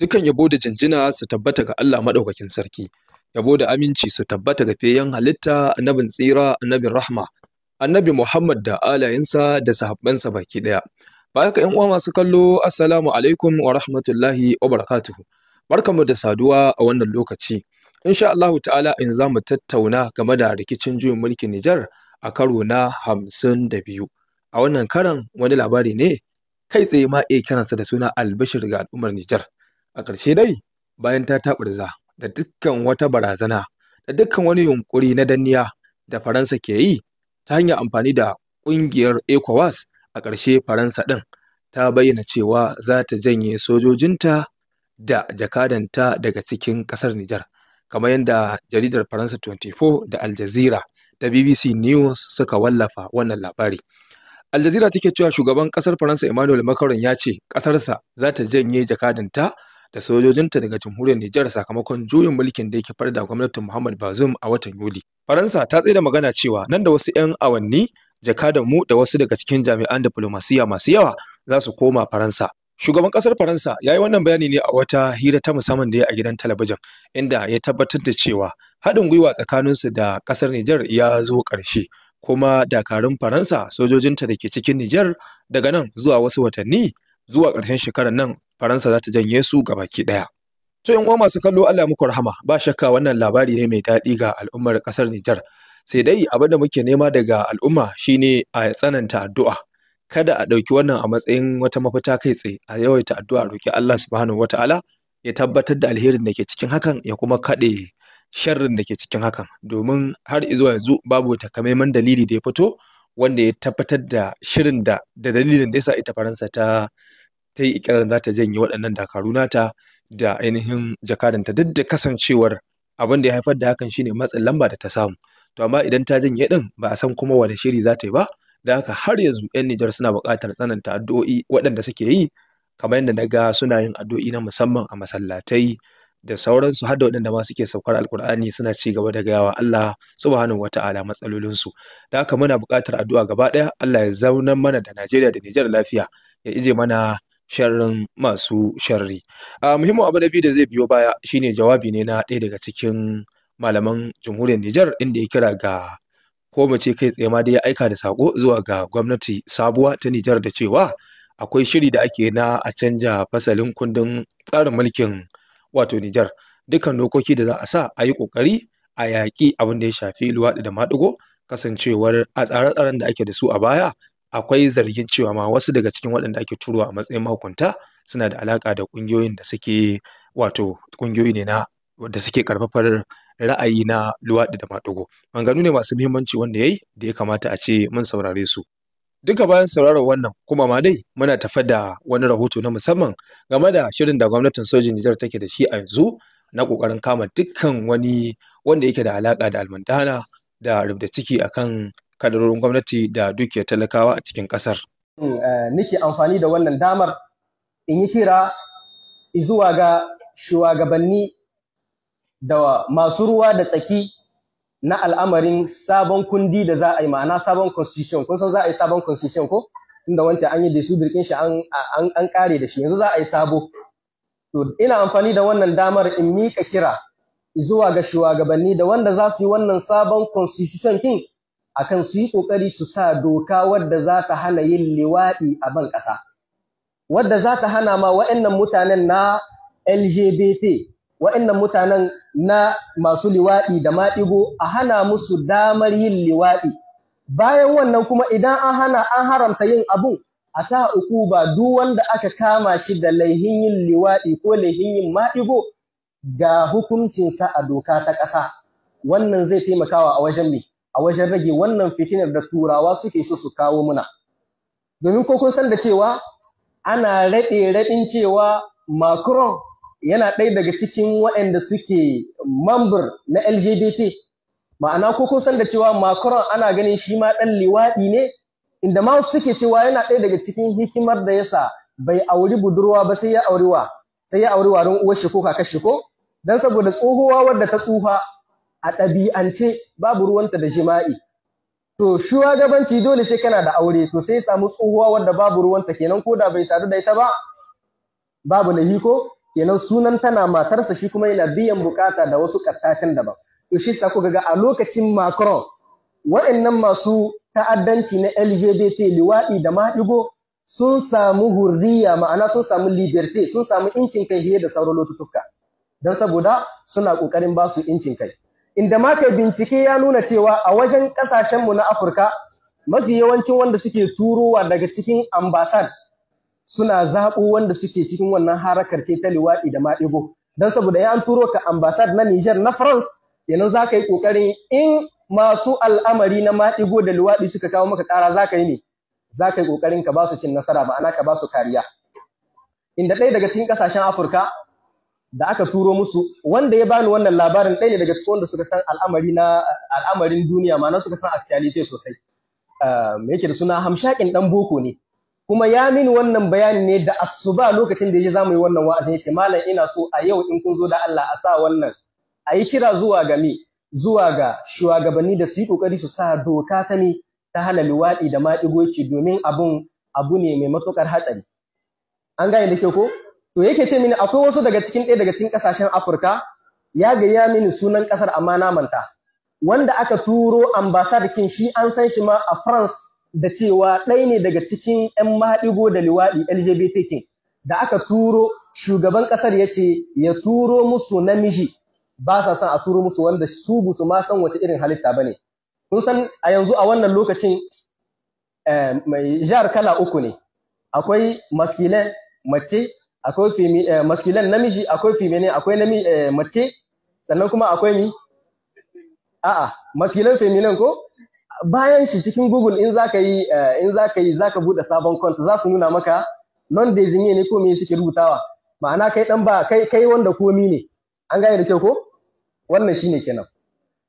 Dukan yabo da jinjina su tabbata ga Allah maɗaukakin sarki, yabo da aminci su tabbata ga feyen halitta annabin tsira annabin rahma, annabi Muhammad da alayensa da sahabbansa baki ɗaya. Baya ka uwa masu kallo, Assalamu alaikum wa rahmatullahi wa barakatuhu. Barkamu da saduwa a wannan lokaci. Insha Allahu ta'ala in za mu tattauna game da rikicin juyin mulkin Nijar a karo na hamsin da biyu. A wannan karan wani labari ne kai tsaye ma iya kiransa da suna albashir ga al'ummar Nijar. A ƙarshe dai, bayan ta taɓurza da dukkan wata barazana da dukkan wani yunƙuri na danniya da Faransa ke yi ta hanyar amfani da ƙungiyar ECOWAS a ƙarshe Faransa ɗin ta bayyana cewa za ta janye sojojinta da jakadanta daga cikin ƙasar Nijar. kamar yadda jaridar Faransa 24 da AlJazira da BBC News suka wallafa wannan labari. Al Jazeera take cewa shugaban ƙasar Faransa Emmanuel Macron ya ce ƙasarsa za ta janye jakadanta da sojojinta daga jamhuriyar Nijar sakamakon juyin mulkin da yake farda gwamnatin Muhammad Bazoum a watan Yuli. Faransa ta tsaye da magana cewa nan da wasu 'yan awanni jakadan mu da wasu daga cikin jami'an diplomasiya masu yawa za su koma Faransa. Shugaban ƙasar Faransa ya yi wannan bayani ne a wata hira ta musamman da ya a gidan talabijin inda ya tabbatar da cewa haɗin gwiwa tsakaninsu da ƙasar Nijar ya zo ƙarshe. kuma dakarun Faransa sojojinta da ke cikin Nijar daga nan zuwa wasu watanni zuwa ƙarshen shekarar nan Faransa za ta janye su ga baki ɗaya. To ‘yan uwa masu kallo Allah muku rahama ba shakka wannan labari ne mai daɗi ga al'ummar ƙasar Nijar. Sai dai abin da muke nema daga al'umma shine a tsananta addu'a. Kada a ɗauki wannan a matsayin wata mafita kai tsaye a yawaita addu'a roki Allah subhanahu wataala ya tabbatar da alherin da ke cikin hakan ya kuma kaɗe sharrin da ke cikin hakan domin har izuwa yanzu babu takamaiman dalili da ya fito wanda ya tabbatar da shirin da da dalilin da yasa ita Faransa ta ta yi ikirarin za ta janye waɗannan dakaru nata da ainihin jakadanta duk da kasancewar abin da ya haifar da hakan shine matsin lamba da ta samu to amma idan ta janye din ba a san kuma wani shiri za ta yi ba da haka har yanzu 'yan Nijar suna buƙatar tsananta addu'o'i waɗanda suke yi kamar yadda na ga suna yin addu'o'i na musamman a masallatai da sauransu har da waɗanda ma suke saukar alkur'ani suna ci gaba da gayawa Allah subhanahu wata'ala matsalolinsu da haka muna buƙatar addu'a gaba ɗaya Allah ya zaunar mana da Najeriya da Nijar lafiya ya ije mana sharrin masu sharri. A muhimmin abu na biyu da zai biyo baya shine jawabi ne na ɗaya daga cikin malaman jamhuriyar Nijar inda ya kira ga ko mu ce kai tsaye ma dai ya aika da sako zuwa ga gwamnati sabuwa ta Nijar da cewa akwai shiri da ake na a canja fasalin kundin tsarin mulkin wato Nijar. dukkan dokoki da za a sa a yi ƙoƙari a yaƙi abin da ya shafi luwaɗi da maɗigo kasancewar a tsare-tsaren da ake da su a baya akwai zargin cewa ma wasu daga cikin waɗanda ake turuwa a matsayin mahukunta suna da alaƙa da ƙungiyoyin da suke wato ƙungiyoyi ne na da suke karfafar ra'ayi na luwaɗi da maɗugo maganganu ne masu muhimmanci wanda ya yi da ya kamata a ce mun saurare su duka bayan sauraron wannan kuma ma dai muna tafa da wani rahoto na musamman game da shirin da gwamnatin sojin Nijar take da shi a yanzu na ƙoƙarin kama dukkan wani wanda yake da alaƙa da almundana da rubda ciki akan kadarorin gwamnati da dukiyar talakawa a cikin kasar. Eh, Nike amfani da wannan damar in yi kira zuwa ga shugabanni da masu ruwa da tsaki na al'amarin sabon kundi da za a yi ma'ana sabon constitution kun san za a yi sabon constitution ko inda wancan an yi da su birkin shi an kare da shi yanzu za a yi sabo to ina amfani da wannan damar in mika kira zuwa ga shugabanni da wanda za su yi wannan sabon constitution king akan su yi ƙoƙari su sa doka wadda za ta hana yin liwaɗi a ban ƙasa wadda za ta hana ma wa'annan mutanen na LGBT wa'annan mutanen na masu liwaɗi da maɗigo a hana musu damar yin liwaɗi bayan wannan kuma idan an hana an haramta yin abu, a sa uku ba duk wanda aka kama shi da laihin yin liwaɗi ko laihin yin maɗigo ga hukuncinsa a doka ta ƙasa wannan zai taimakawa a wajen mai a wajen rage wannan fitinar da turawa suke so su kawo muna domin ko kun san da cewa ana raɗe raɗin cewa Macron yana ɗaya daga cikin waɗanda suke mambar na LGBT ma'ana ko kun san da cewa Macron ana ganin shi ma ɗan liwaɗi ne inda ma suke cewa yana ɗaya daga cikin hikimar da ya sa bai auri budurwa ba sai ya auri wa sai ya auri warin uwar shi ko kakar shi ko dan saboda tsohuwa wadda ta tsufa a ɗabi'ance babu ruwanta da jima'i to shuwagabanci dole sai kana da aure to sai samu tsohuwa wadda babu ruwanta kenan ko da bai sadu da ita ba babu na hiko kenan sunan tana matarsa shi kuma yana biyan bukata da wasu kattacin daban to shi sa kuka ga a lokacin Macron waɗannan masu ta'addanci na LGBT liwaɗi da maɗigo sun samu hurriya ma'ana sun samu liberté sun samu incin kai da sauran lotutuka don saboda suna ƙoƙarin ba su incin kai inda ma kai bincike ya nuna cewa a wajen ƙasashenmu na Afirka mafi yawancin wanda suke turowa daga cikin ambasad suna zaɓo wanda suke cikin wannan harakar ce ta liwaɗi da maɗigo don saboda ya an turo ka ambasad na Niger na France yanzu za ka yi ƙoƙarin in masu al'amari na maɗigo da liwaɗi suka kawo maka ƙara za ka yi ne za ka yi ƙoƙarin ka ba su cin nasara ma'ana ka ba su kariya inda ɗaya daga cikin ƙasashen Afirka da aka turo musu wanda ya bani wannan labarin ɗaya ne daga cikin wanda suka san al'amari na al'amarin duniya ma suka san actuality sosai ah, me yake da suna hamshakin dan boko ne kuma ya mini wannan bayani ne da asuba lokacin da ya zamu yi wannan wa'azin yace malam ina so a yau in kun zo da Allah a sa wannan a yi kira zuwa ga me zuwa ga shugabanni da su yi kokari su sa doka ta ne ta hana wadi da maɗigoci domin abun abu ne mai matuƙar hatsari an gane da ke ko to yake ce mini akwai wasu daga cikin ɗaya daga cikin ƙasashen Afirka ya gaya mini sunan ƙasar amma na manta wanda aka turo ambasadakin kin shi an san shi ma a France da cewa ɗaya ne daga cikin 'yan mahaɗigo da liwaɗi LGBT kin, da aka turo shugaban ƙasar ya ce ya turo musu namiji ba sa son a turo musu wanda su busu ma san wace irin halitta ba ne. Kun san a yanzu a wannan lokacin eh, mai jihar kala uku ne, akwai maskilin mace, akwai femi eh, masculine namiji akwai feminine akwai nami eh, mace sannan kuma akwai mi a'a masculine feminine ko bayan shi cikin Google in zaka yi eh, in zaka yi zaka bude sabon kont za su nuna maka non designated ne ko me suke rubutawa ma'ana kai dan ba kai kai wanda komi ne an gane da kyau ko wannan shine kenan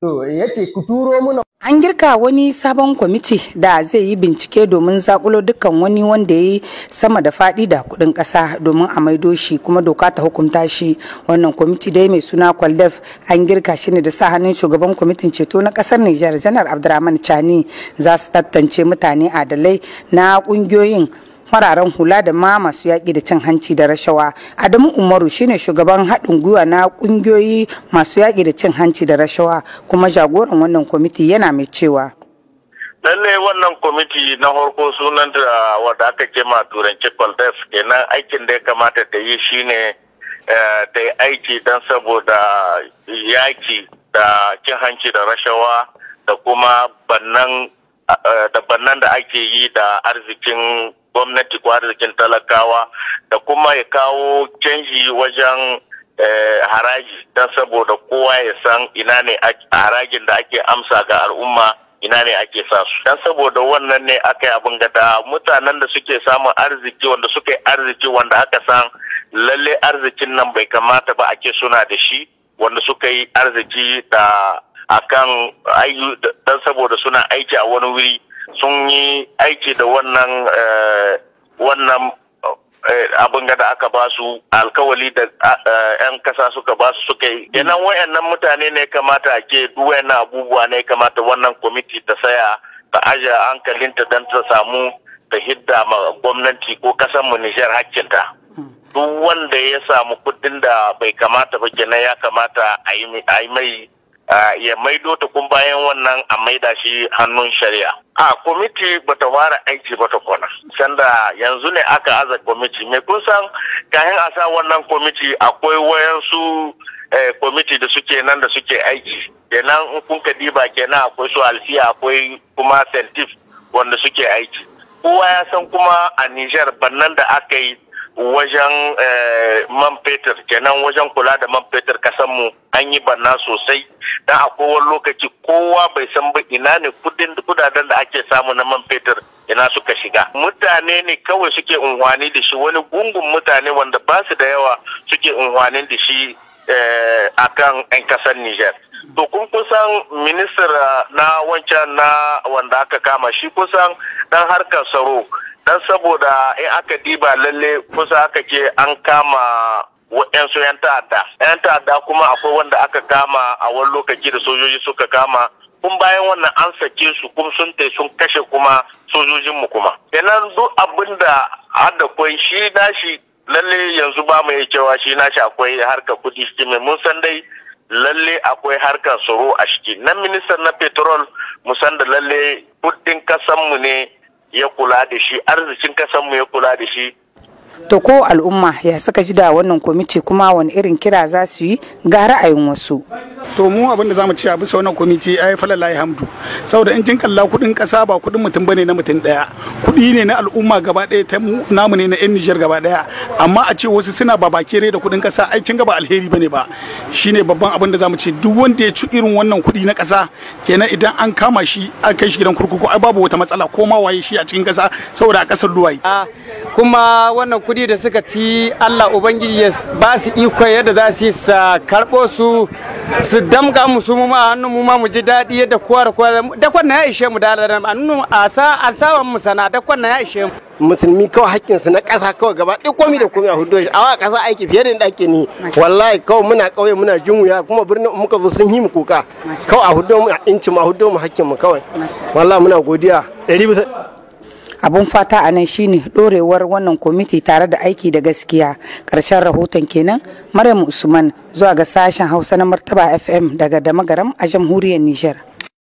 to yace ku turo muna An girka wani sabon kwamiti da zai yi bincike domin zakulo dukkan wani wanda ya yi sama da faɗi da kuɗin ƙasa domin a maido shi kuma doka ta hukunta shi wannan kwamiti dai mai suna kwaldef an girka shi ne da sa hannun shugaban kwamitin ceto na kasar Nijar janar Abdurrahman Chani za su tattance mutane adalai na kungiyoyin. fararen hula da ma masu yaƙi da cin hanci da rashawa adamu umaru shine shugaban haɗin gwiwa na ƙungiyoyi masu yaƙi da cin hanci da rashawa kuma jagoran wannan kwamiti yana mai cewa lallai wannan kwamiti na harko sunan da wadda aka ce ma turanci kwaldas kenan aikin da ya kamata ta yi shine eh, ta yi aiki don saboda yaki da cin hanci da rashawa da kuma bannan eh, da ake yi da arzikin gwamnati ko arzikin talakawa da kuma ya kawo canji wajen eh, haraji don saboda kowa ya san ina ne harajin da ake amsa ga al'umma ina ne ake sa su Don saboda wannan ne aka yi abin gada mutanen da suke samun arziki wanda suka yi arziki wanda aka san lalle arzikin nan bai kamata ba ake suna da shi wanda suka yi arziki da akan don saboda suna aiki a wani wuri sun yi aiki da wannan eh, wannan eh, abin da aka ba su alkawali da eh, 'yan kasa suka ba su suka yi yanan mm. wayannan mutane ne kamata a ke na abubuwa ne kamata wannan kwamiti ta saya ta aja hankalinta don ta samu ta hidda ma gwamnati ko mu nijar hakkinta mm. duk wanda ya samu kudin da bai kamata ba kenan ya kamata a yi mai ya maido ta kun bayan wannan a da shi hannun shari'a. A kwamiti bata fara aiki ba tukuna. Sanda yanzu ne aka aza kwamiti. Me kun san kayan a sa wannan kwamiti akwai wayansu eh, kwamiti da suke nan da suke aiki. Kenan in kun ka diba kenan akwai su alfiya akwai kuma sentif wanda suke aiki. Kowa ya san kuma a Nijar bannan da aka yi wajen eh, man fetur kenan wajen kula da man fetur kasanmu an yi banna sosai dan a kowar lokaci kowa bai san ba ina ne kudaden da ake samu na man fetur ina suka shiga mutane ne kawai suke unhwani da shi wani gungun mutane wanda ba su da yawa suke unhwani da shi eh, a kan 'yan kasar Nijar. to kun kusan minister eh, na wancan na wanda aka kama shi kusan dan harkar tsaro dan saboda in aka diba lalle kusa aka ce an kama wa'yansu 'yan ta'adda 'yan ta'adda kuma akwai wanda aka kama a wani lokaci da sojoji suka kama kun bayan wannan an sake su kun sun tai sun kashe kuma sojojinmu kuma kenan duk abin da hada kwai shi nashi lalle yanzu ba mu cewa shi nashi akwai harkar kudi mai. mun san dai lalle akwai harkar tsaro a ciki nan ministan na petrol mu san da lalle kudin kasanmu ne ya kula da shi arzikin kasanmu ya kula da shi to ko al'umma ya saka ji da wannan kwamiti kuma wani irin kira za su yi ga ra'ayin wasu to mu abin da zamu ci a bisa wannan kwamiti ai falalahi hamdu saboda in kin kalla kudin kasa ba kudin mutum bane na mutum daya kudi ne na al'umma gaba daya ta namu ne na yan Niger gaba daya amma a ce wasu suna babakere da kudin kasa ai kin ga ba alheri bane ba shine babban abin da za mu ci duk wanda ya ci irin wannan kudi na kasa kenan idan an kama shi a kai shi gidan kurkuku ai babu wata matsala ko ma waye shi a cikin kasa saboda a kasar luwai kuma wannan kudi da suka ci Allah Ubangiji ya ba su iko yadda za su sa karɓo su su damga mu su mu a hannun mu ma mu ji daɗi yadda kowa da kowa da kwanna ya ishe mu da Allah a nuna a sa sawan mu sana da kwanna ya ishe mu musulmi kawai hakkin su na ƙasa kawai gaba duk komi da komi a hudu shi awa ƙasa aiki fiye da ake ni wallahi kawai muna ƙauye muna jin wuya kuma birnin muka zo sun yi mu kuka kawai a hudu mu a inci mu a hudu mu hakkin mu kawai wallahi muna godiya ɗari bisa abun fata a nan shine dorewar wannan kwamiti tare da aiki da gaskiya karshen rahoton kenan maryam usman zuwa ga sashen hausa na martaba fm daga damagaram a jamhuriyar niger